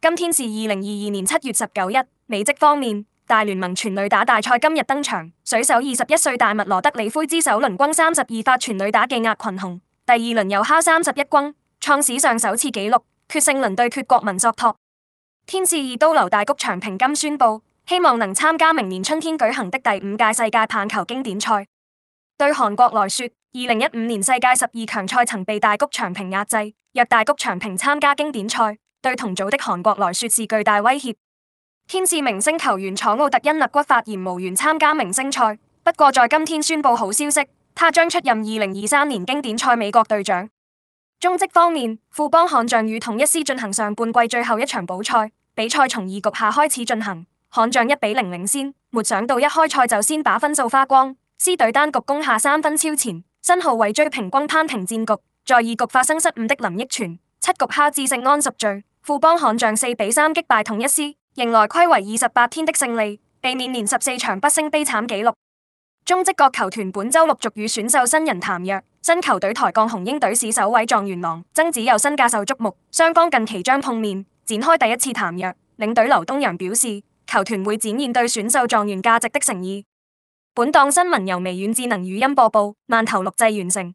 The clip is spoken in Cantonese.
今天是二零二二年七月十九日，美職方面，大聯盟全壘打大賽今日登場，水手二十一歲大物羅德里奎茲首輪轟三十二發全壘打，技壓群雄。第二輪又敲三十一轟，創史上首次紀錄。決勝輪對決國民索托，天使二刀流大谷長平今宣布，希望能參加明年春天舉行的第五屆世界棒球經典賽。對韓國來說，二零一五年世界十二強賽曾被大谷長平壓制，若大谷長平參加經典賽，對同組的韓國來說是巨大威脅。天使明星球員楚奧特因肋骨發炎無緣參加明星賽，不過在今天宣布好消息，他將出任二零二三年經典賽美國隊長。中職方面，富邦悍將與統一獅進行上半季最後一場補賽，比賽從二局下開始進行，悍將一比零領先，沒想到一開賽就先把分數花光，獅隊單局攻下三分超前，身後位追平均攤平戰局。在二局發生失誤的林益全，七局下致勝安十追。富邦悍將四比三擊敗統一獅迎來暌違二十八天的勝利，避免連十四場不勝悲慘紀錄。中職各球團本周陸續與選秀新人談約，新球隊台鋼雄鷹隊史首位狀元郎曾子佑身價受矚目，雙方近期將碰面，展開第一次談約。領隊劉東陽表示，球團會展現對選秀狀元價值的誠意。本檔新聞由微軟智能語音播報，萬頭錄製完成。